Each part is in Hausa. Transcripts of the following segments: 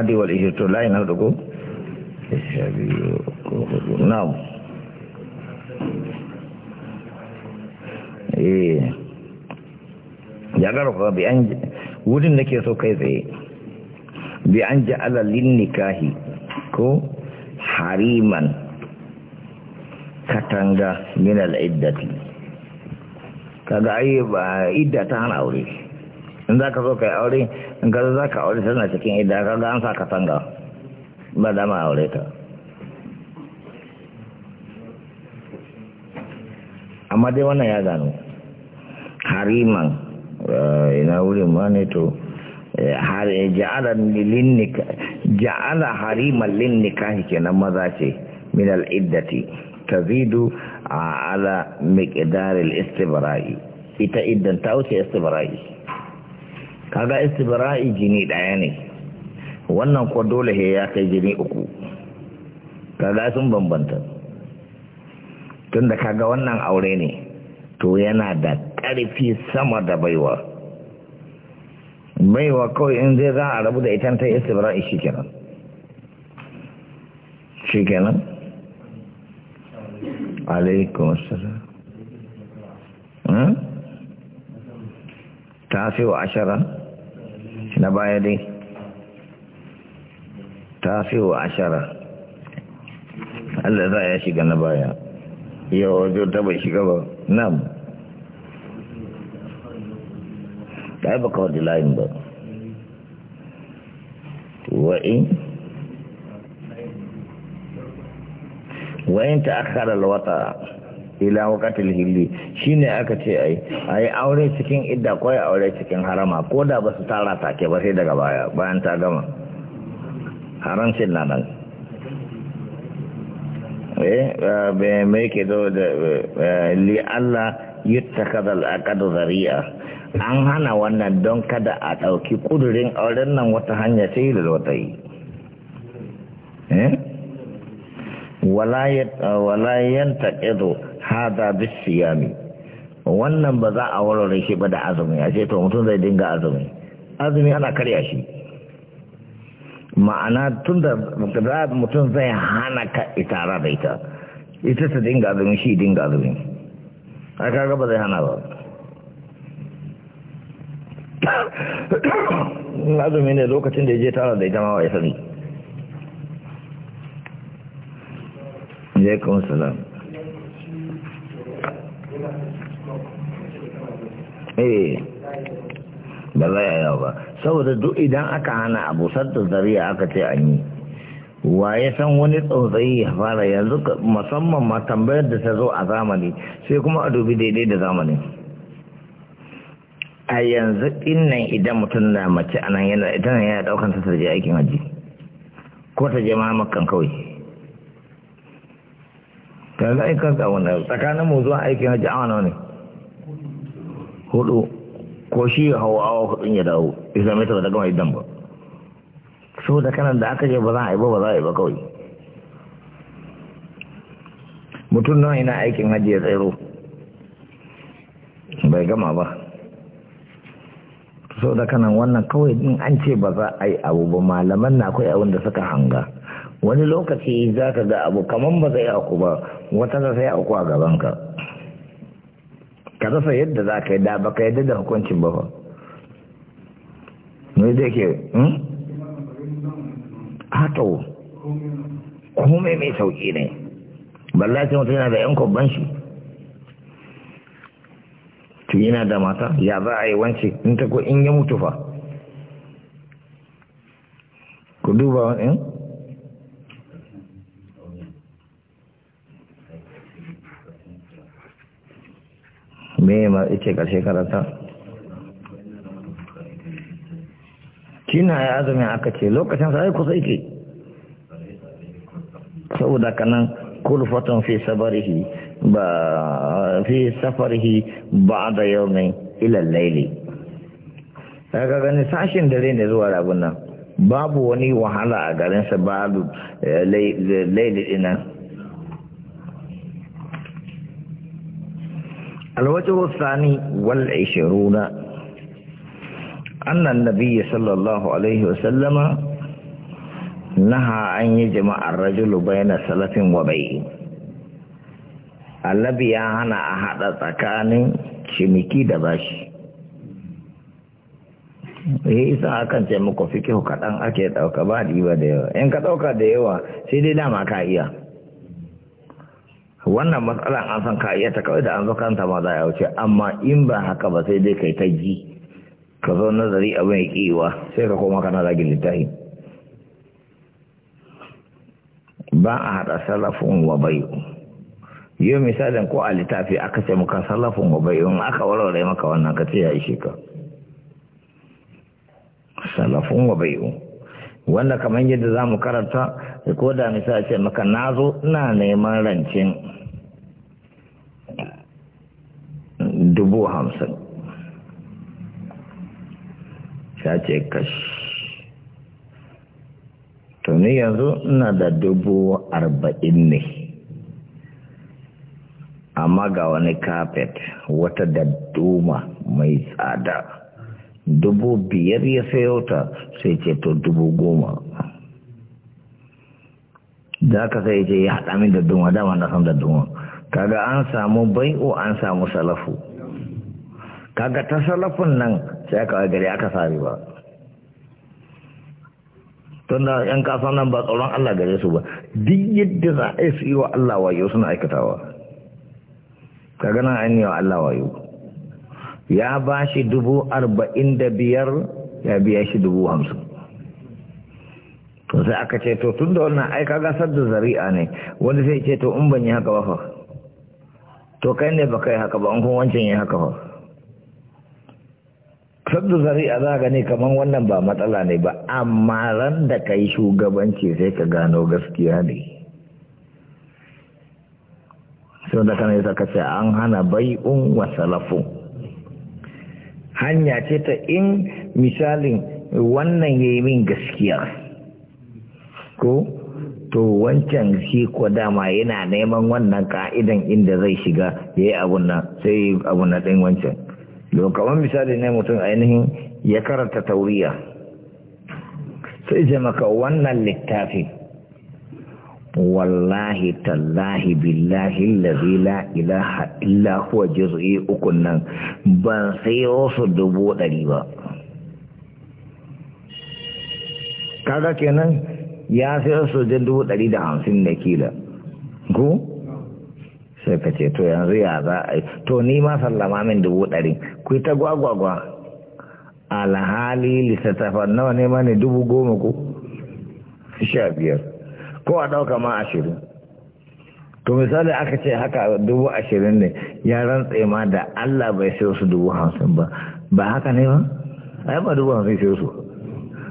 الحادي والإجرة لا wurin da ke so kai tsaye bi an ja'ala lin nikahi ko hariman katanga min al-iddati kaga ai ta hana aure in zaka so kai aure in ka za ka aure tana cikin idan ka ga an sa ka sanga ba dama aure ta amma dai wannan ya gano hariman eh, ina wuri ma ne to eh, eh, ja'ala hariman linnika ke kenan maza ce min al'iddati tazidu ah, ala miqdaril istibra'i ita iddan ta wuce istibra'i kaga istibra'i jini ɗaya ne wannan ko dole he ya kai jini uku kaga sun bambanta tunda kaga wannan aure ne to yana da ƙarfi sama da baiwa baiwa kawai in zai za a rabu da ita ta istibra'i shikenan shikenan alaikum assalam hmm? ta fi wa ashirin na baya dai ta fi wa ashara Allah za ya shiga na baya yau wajen ta bai shiga ba nan ta yi baka da layin ba wa'in wa'in ta akara lawata ila wakatil hilli shine aka ce ai ai aure cikin idda ko aure cikin harama ko da ba su tara ke ba sai daga baya bayan ta gama haram sai nan nan eh be me ke do da eh, li Allah yuttakada al-aqd zari'a an hana wannan don kada a dauki kudurin auren nan wata hanya sai da wata yi eh wala yanta hada bisiyami wannan ba za a warware shi ba da azumi a ce to mutum zai dinga azumi azumi ana karya shi ma'ana tun da mutum zai hana ka itara da ita ita ta dinga azumi shi dinga azumi a kaga ba zai hana ba azumi ne lokacin da ya je tara da ita ma wa ya sani. Alaikun salam. eh ba za a yawa ba saboda duk idan aka hana abu da zariya aka ce an yi wa ya san wani tsautsayi ya fara yanzu musamman ma tambayar da ta zo a zamani sai kuma a dubi daidai da zamani a yanzu innan idan mutum na mace anan yana idan yana daukan ta je aikin haji ko ta je ma makan kawai kaga za kanka wannan tsakanin mu zuwa aikin hajji awa nawa ne hudu ko shi hawa awa hudun ya dawo isa mai tabbata gama idan ba so da kanan da aka je ba za a yi ba ba za a yi ba kawai mutum nawa ina aikin hajji ya tsero bai gama ba so da kanan wannan kawai din an ce ba za a yi abu ba malaman na akwai abin da suka hanga wani lokaci za ka ga abu kamar ba zai aku ba wata da sai aku a gabanka ka rasa yadda za ka yi da baka yadda da hukuncin ba ba ne da ke hatau hmm? kome mai sauƙi ne ballaci mutum yana da yan kwabban shi tu yana da mata ya za a yi wance in ta ko in ya mutu fa ku duba wani hmm? me ma ce ƙarshe karanta kina ya azumin aka ce lokacin sai kusa yake saboda kanan fatan fi sabarihi ba fi safarihi ba da yawmin ila laili daga gani sashin dare ne zuwa rabun nan babu wani wahala a garin garinsa babu laili dinan الوجه الثاني والعشرون أن النبي صلى الله عليه وسلم نهى أن يجمع الرجل بين سلف وبيع الذي يهنى أحد تكان شميكي دباش Eh isa akan ce muku fikihu kaɗan ake ɗauka ba da yawa in ka ɗauka da yawa sai dai dama ka iya wannan matsalan an san ka iya ta kawai da an zo kanta ma za a wuce amma in ba haka ba sai dai kai ta ji ka zo nazari abin ya kiwa sai ka koma kana zagin littafi ba a haɗa salafin wa bayu yi misalin ko a littafi aka ce muka salafin wa bayu in aka warware maka wannan ka ce ya ishe ka salafin wa bayu wanda kamar yadda za mu karanta ko da misali ce maka na zo ina neman rancen dubu hamsin ya ce kashi to yanzu ina da dubu arba'in ne amma ga wani kafet wata da dadduma mai tsada dubu biyar ya sayo ta sai ce to dubu goma za ka sai ce ya haɗa min dadduma dama na san dadduma kaga an samu bai'o an samu salafu kaga tasalafin nan sai aka gari aka sami ba tun da ‘yan kasa nan ba tsoron Allah gare su ba duk yadda za a yi wa Allah wayo suna aikatawa kaga nan an yi wa Allah wayo ya ba shi dubu arba'in da biyar ya biya shi dubu hamsin sai aka ce to tun da wannan aika gasar da zari'a ne wanda sai ce to in ban yi haka ba fa to kai ne ba kai haka ba in kun wancan yi haka ba sadda zari'a za gani kamar wannan ba matsala ne ba amma ran da ka yi shugabanci sai ka gano gaskiya ne sau da kanai ta kace an hana bai'un wasalafun hanya ce ta in misalin wannan ya yi min gaskiya ko to wancan shi ko dama yana neman wannan ka'idan inda zai shiga ya yi abun nan sai abun ɗin wancan don kamar misali ne mutum ainihin ya karanta tauriya sai je maka wannan littafi wallahi tallahi billahi lazi la ilaha illa huwa juz'i ukun nan ban sayo su dubu ɗari ba kaga kenan ya sayo su dubu ɗari da hamsin da kila ko sai ka ce to yanzu ya za a yi to ni ma sallama min dubu ɗari ku ta gwagwagwa alhali littattafan nawa ne mani ne dubu goma ko sha biyar ko a ɗauka ma ashirin to misali aka ce haka dubu ashirin ne ya rantse ma da Allah bai sai su dubu hamsin ba ba haka ne ba ai ba dubu hamsin sai su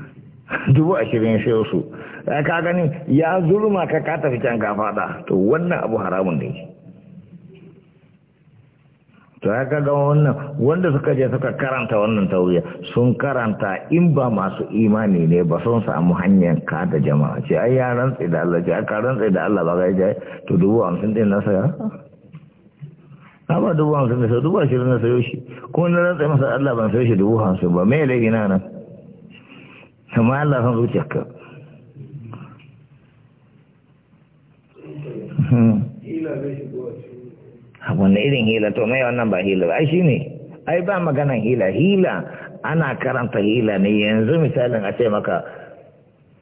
dubu ashirin sai su ka gani ya zurma ka ka tafi can ka fada to wannan abu haramun ne to ya kaga wannan wanda suka je suka karanta wannan tauriya sun karanta in ba masu imani ne ba sun samu hanyar ka da jama'a ce ai ya rantsi da Allah ce aka rantsi da Allah ba gaje to dubu hamsin din na saya na ba dubu hamsin da dubu ashirin na sayo shi ko na rantsi masa Allah ban sayo shi dubu hamsin ba mai laifi na nan amma Allah san zuciyarka ka. Hmm. wani irin hila to mai wannan ba hila ba ai shi ne ai ba maganan hila hila ana karanta hila ne yanzu misalin a ce maka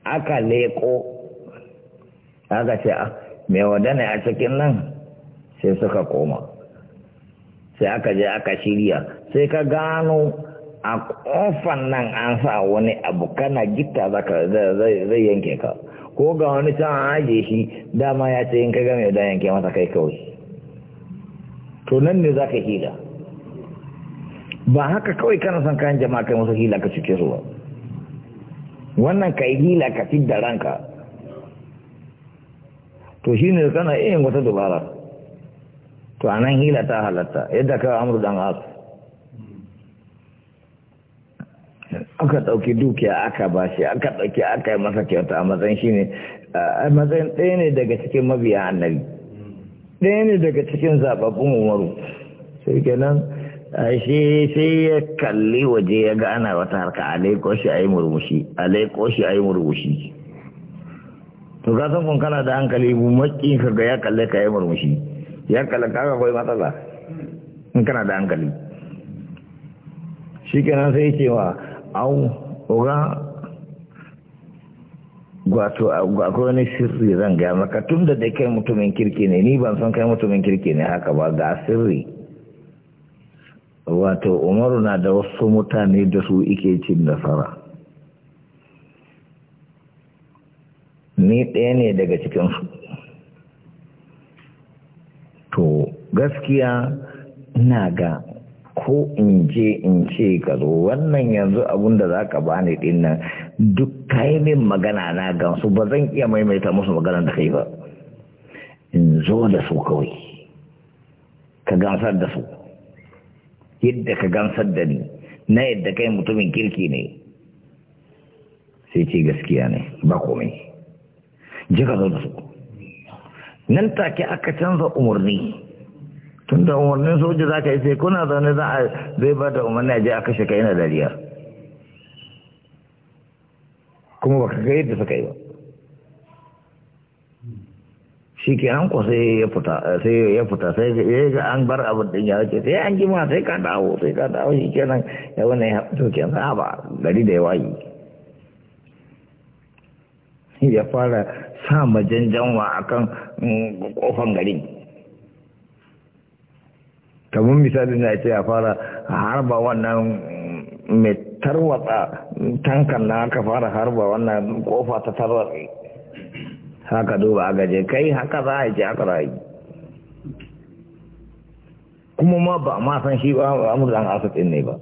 aka leko aka ce a ah, mai wadana a cikin nan sai suka koma sai aka je aka shirya sai ka gano a kofan nan an sa wani abu kana gita zai yanke ka ko ga wani can aje shi dama ya ce in ka game da yanke masa kai kawai to nan ne za ka hila ba haka kawai kana son kayan jama'a kai musu hila ka cike su ba wannan ka yi hila ka fi da ranka to shi ne kana yin wata dubara to a hila ta halatta yadda ka amur dan asu aka ɗauki dukiya aka ba aka ɗauki aka yi masa kyauta a matsayin shi ne a matsayin ɗaya ne daga cikin mabiya annabi ɗaya ne daga cikin zababbun umaru sai kenan shi sai ya kalli waje ya ga ana wata harka a shi a yi murmushi a shi a yi murmushi to ka san kun kana da hankali mu maki ka ga ya kalle ka yi murmushi ya kalle ka akwai matsala in kana da hankali shi kenan sai ce wa au oga. Gwato akwai wani sirri zan ga maka tun da da kai mutumin kirki ne ni ban san kai mutumin kirki ne haka ba ga sirri wato umaru na da wasu mutane da su ike cin nasara ni ɗaya ne daga cikinsu to gaskiya na ga ko in je in ce ka zo wannan yanzu abun da za ka bani ɗin duk kayi min magana na gansu ba zan iya maimaita musu magana da kai ba in zo da su kawai ka gansar da su yadda ka gansar da ni na yadda kai mutumin kirki ne sai ce gaskiya ne ba komai ji ka zo da su nan take aka canza umarni tun da umarnin soja za ka yi sai kuna zaune za a zai ba da umarni a je a kashe ka yana dariya kuma baka ga yadda suka yi ba shi ke an ko sai ya fita sai ya fita sai ya ga an bar abin din ya wuce sai an jima sai ka dawo sai ka dawo shi kenan ya wani ya fito ke nan ba gari da ya wayi ya fara sa majanjanwa akan kofan mm, garin kamar misali na ce ya fara harba wannan mai tarwatsa tankan na aka fara harba wannan kofa ta tarwatsa haka duba a gaje kai haka za a yi haka za a yi kuma ma ba ma san shi ba amurdan asibitin ne ba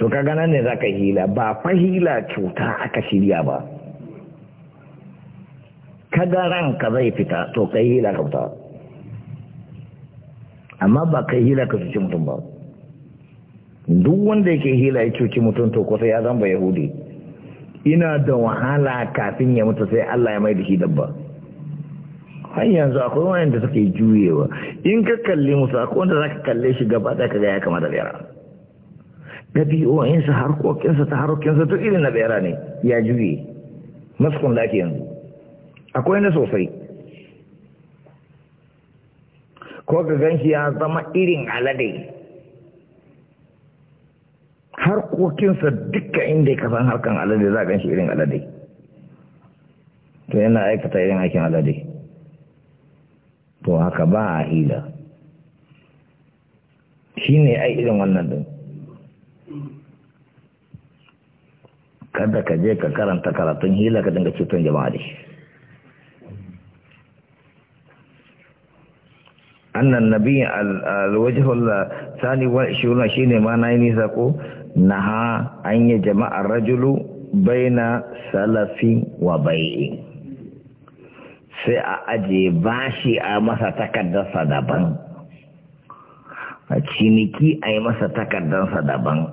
to ka ganin ne za ka hila ba fa hila cuta aka shirya ba ka ga ranka zai fita to yi hila kauta amma ba kai hila ka cuci mutum ba duk wanda yake hila ya cuci mutum to kusa ya zamba yahudi ina da wahala kafin ya mutu sai Allah ya mai da shi dabba har yanzu akwai wanda suke juyewa in ka kalle musu akwai wanda za ka kalle shi gaba da kaga ya da bera ɗabi'o'insa harkokinsa ta harkokinsa duk irin na bera ne ya juye maskun da yanzu akwai na sosai ko ka gan shi ya zama irin alade harkokinsa duka inda ka san harkan alade za a gan shi irin alade to yana aikata irin aikin alade to haka ba a hila shi ne ai irin wannan din kada ka je ka karanta karatun hila ka dinga cutar jama'a da shi annan nabi alwajhul sani uh, wa shuna shine ma nayi nisa ko naha an ya jama'ar rajulu baina salafi wa bai'i sai a aje bashi a masa takardarsa daban a ciniki a yi masa takardarsa daban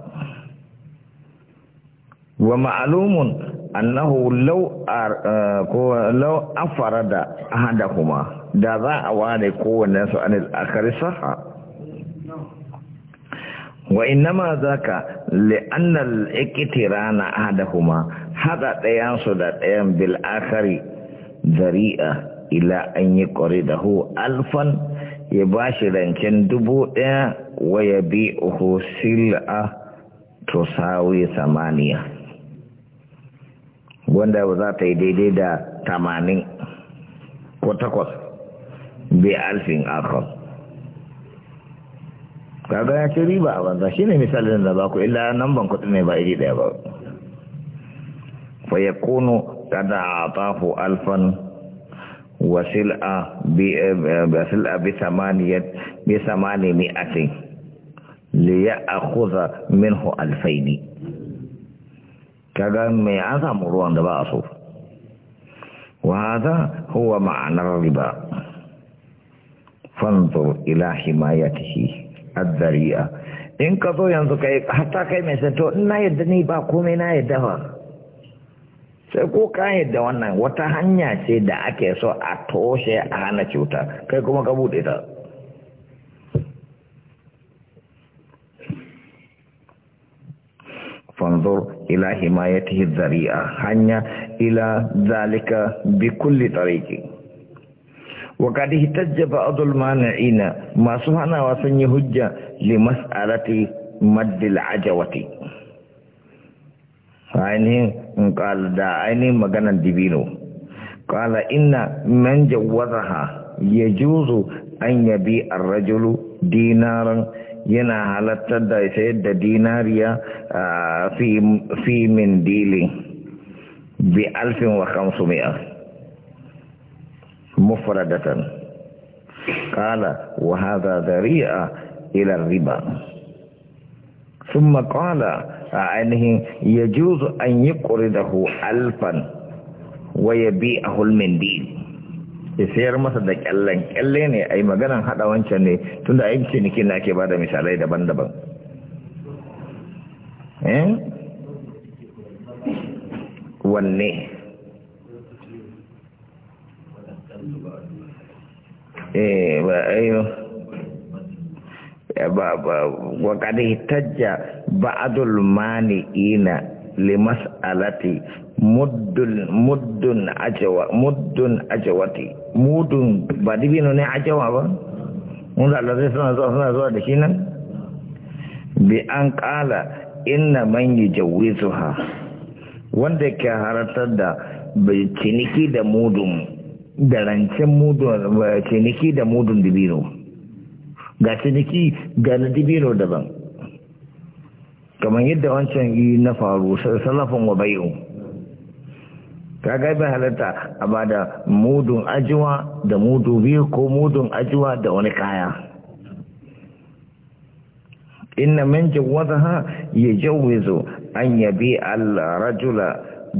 wa ma'alumun أنه لو أر... آه، كو... لو أفرد أحدهما دعوا أواني كو الناس عن الآخر صحا وإنما ذاك لأن الإكتران أحدهما هذا تيانس داتيان بالآخر ذريئة إلى أن يقرده ألفا يباشي لنكن دبوئة ويبيئه سلعة تساوي ثمانية wanda za ta yi daidai da tamanin ko takwas bai alfin akwas kaga ya ce riba a banza shi ne misalin da ba ku illa nan ban kuɗi ne ba iri daya ba fa ya kono kada a tafu alfan wasil'a bi samaniyar bi samani mi'atin li ya akuza minhu alfaini kaga mai an samu ruwan da ba a so wa hadha huwa ma'anar riba fanzur ila himayatihi ad in ka so yanzu kai hatta kai mai sai to ina yadda ni ba komai na yadda ba sai ko ka yadda wannan wata hanya ce da ake so a toshe a hana cuta kai kuma ka bude ta ila himayatihi dhari'a hanya ila zalika bi kulli tariqi wa qad ihtajja ba'dul mani'ina ma subhana wa sunni hujja li mas'alati maddil ajawati ainihin in da ainihin magana dibino qala inna man jawwazaha yajuzu an yabi ar-rajulu dinaran yana halattar da sayar da dinariya fi min dili bi alfin wa kamsu mi'a mufradatan kala wa hadha dhari'a ila riba ثم قال عنه يجوز أن يقرضه ألفا ويبيعه المنديل ya sayar masa da kyallen kyalle ne a yi maganan haɗa wancan ne tun da aiki ciniki na ke ba da misalai daban-daban eh? wanne eh ba ayo ba ba wa tajja ba'dul limas'alati muddun muddun ajwa muddun ajwati mudun ba dibino ne ajawa ba mun da Allah suna zuwa suna zuwa da shi nan bi an kala inna man yujawwizuha wanda ke haratar da ciniki da mudun da rancen mudun ciniki da mudun dibino ga ciniki ga na daban kamar yadda wancan yi na faru salafin wa bai'u kaga bai halatta a ba da mudun ajiwa da mudu biyu ko mudun ajiwa da wani kaya inna min jawazaha zo an yabi al-rajula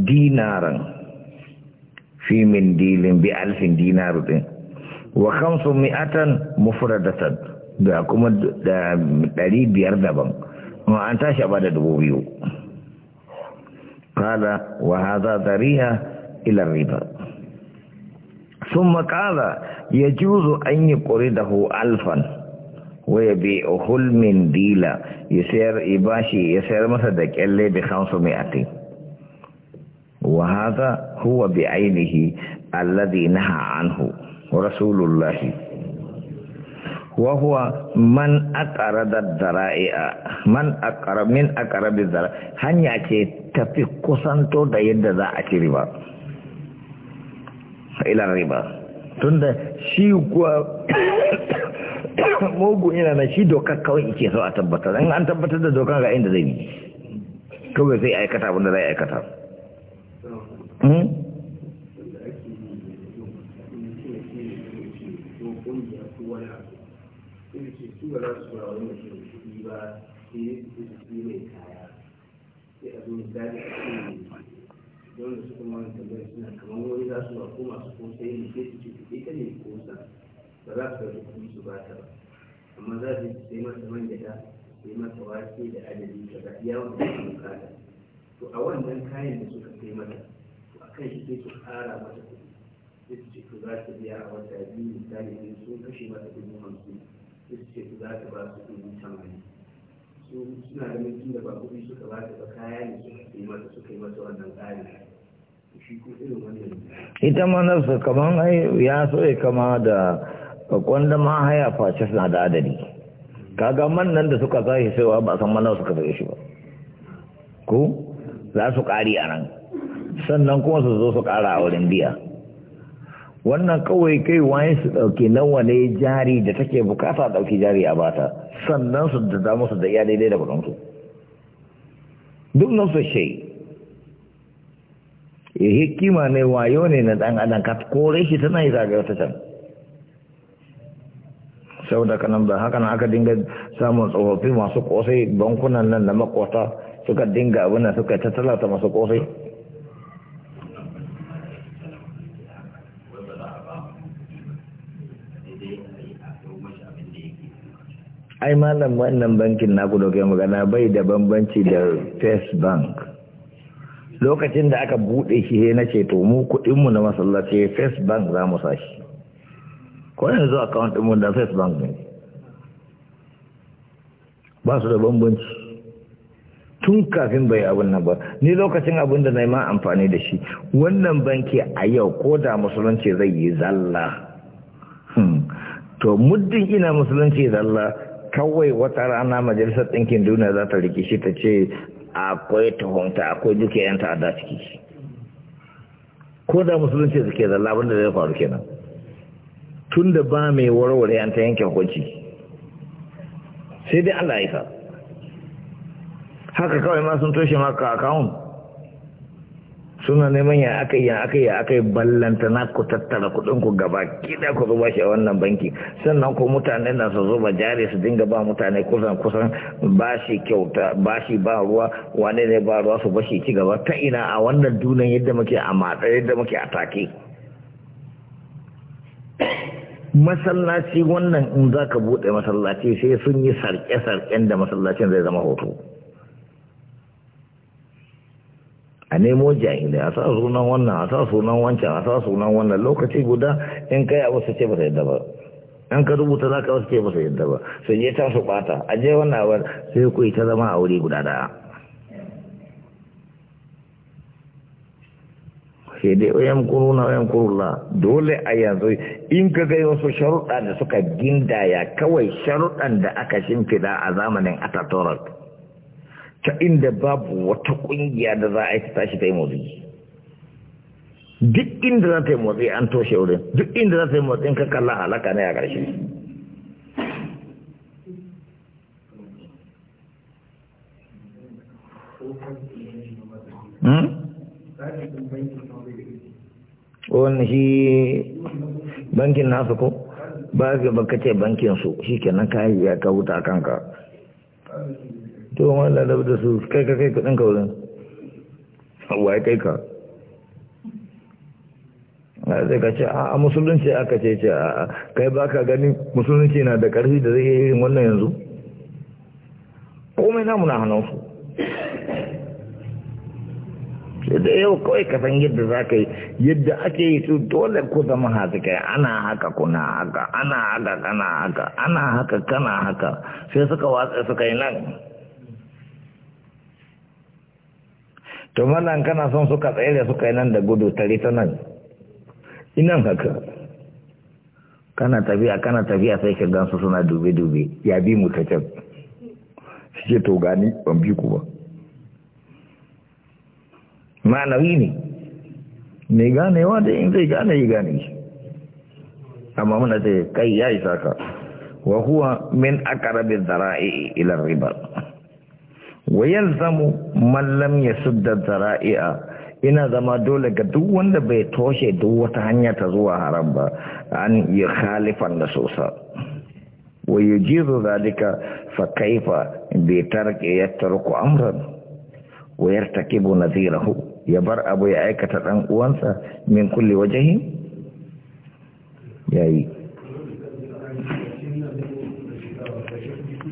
dinaran fi min dilin bi alfin dinar din wa khamsu mi'atan mufradatan da kuma da biyar daban ma an tashi a bada dubu biyu kala wa haza zariya ila riba ثم قال يجوز أن يقرضه ألفا ويبيعه المنديل يسير إباشي يسير مصدق اللي بخمسمائة وهذا هو بعينه الذي نهى عنه رسول الله wahuwa man akara da dara'i'a man akara min akara da dara hanya ce tafi kusanto da yadda za a ci riba ila riba tunda shi kuwa mugu yana na shi dokar kawai ike so a tabbatar in an tabbatar da dokar ga inda zai yi kawai sai aikata wanda zai aikata sai su ba za su ba kuɗi ba sai mai kaya sai a zo don da suka suna kamar wani za su masu ko ne sai su ce kuɗi ba za su su ba ta ba amma za su man gyaɗa sai da adadi ta ga iya suka to a wannan kayan da suka sai mata to a kan shi sai su ƙara mata kuɗi su biya a wata biyu misali sun kashe mata dubu ce za ta ba su dubu tamanin su suna da mutum da ba kuɗi suka ba ta ba kaya ne suka yi mata suka yi mata wannan tsari ita ma nafsa kaman ya so ya kama da kwanda ma haya face suna da adadi kaga man da suka sashi cewa ba san mana suka sashi shi ba Ku za su ƙari a nan sannan kuma su zo su ƙara a wurin biya wannan kawai kai waye su ɗauki nawa ne jari da take bukata dauki jari a bata sannan su da damu su da iya daidai da kuɗinsu duk nan su shi ya eh, hikima ne wayo ne na dan adam ka kore shi tana yi zagar ta can saboda kanan ba haka aka dinga samun tsofaffi masu kosai bankunan nan na makwata suka dinga abin suka ta masu kosai ai malam wannan bankin naku da kai magana bai da bambanci da first bank lokacin da aka bude shi sai na ce to mu kudin mu na masallaci first bank za mu sashi ko yanzu account din mu da first bank ne ba su da bambanci tun kafin bai abin nan ba ni lokacin abun da na yi ma amfani da shi wannan banki a yau ko da musulunci zai yi zalla hmm. to muddin ina musulunci zalla kawai wata rana majalisar ɗinkin duniya za ta rikishi ta ce akwai tuhumta akwai duka yan ta'adda ciki ko da musulunci suke zalla abin da zai faru kenan tun da ba mai warware an ta yanke hukunci sai dai Allah ya haka kawai ma sun toshe maka akawun suna neman ya aka yi ya aka yi ya aka yi ballanta na ku tattara kuɗin ku gaba kida ku zuba shi a wannan banki sannan ku mutane na su zuba jari su dinga ba mutane kusan kusan ba shi kyauta ba shi ba ruwa wane ne ba ruwa su ba shi ci gaba ta ina a wannan dunan yadda muke a matsa yadda muke a take masallaci wannan in za ka buɗe masallaci sai sun yi sarƙe-sarƙen da masallacin zai zama hoto a nemo jahilai a sa sunan wannan a sa sunan wancan a sa sunan wannan lokaci guda in kai a wasu ce ba ta yadda ba an ka rubuta za ka wasu ce ba ta yadda ba su je can su bata a je wannan abar sai ku ta zama a wuri guda daya sai dai oyan na oyan la dole a yanzu in ka gai wasu sharuɗa da suka gindaya kawai sharuɗan da aka shimfida a zamanin atatorat ta inda babu wata ƙungiya da za a yi ta tashi ta yi motsi duk inda za ta yi motsi an toshe wurin duk inda za ta yi motsi in ka kalla halaka ne a ƙarshe hmm? wani shi bankin nasu ko ba ka ce bankin su shi kenan yi ya ka wuta kanka to wani lalabar da su kai ka kai kudin ka wurin wa ya kai ka zai ka ce a musulunci aka ce ce a kai ba ka gani musulunci na da ƙarfi da zai yi wannan yanzu komai namu na hannunsu sai da yau kawai ka san yadda za ka yi yadda ake yi su dole ku zama kai ana haka kuna haka ana haka kana haka ana haka kana haka sai suka watsa suka yi nan to mallan kana son suka tsere suka yi nan da gudu tare ta nan inan haka kana tafiya kana tafiya sai ka gansu suna dube-dube ya bi mu ta can ke to gani ban bi ku ba ma'anawi ne mai ganewa da in zai gane yi gane shi amma muna ce kai ya isa ka wa huwa min akarabin zara'i ila ribar. wa yalzamu man lam yasudda zara'i'a ina zama dole ga duk wanda bai toshe duk wata hanya ta zuwa haram ba an yi khalifan da sosa wa yujizu zalika fa kaifa bi tarki yatruku amran wa yartakibu nadhirahu ya bar abu ya aikata dan uwansa min kulli wajhi yayi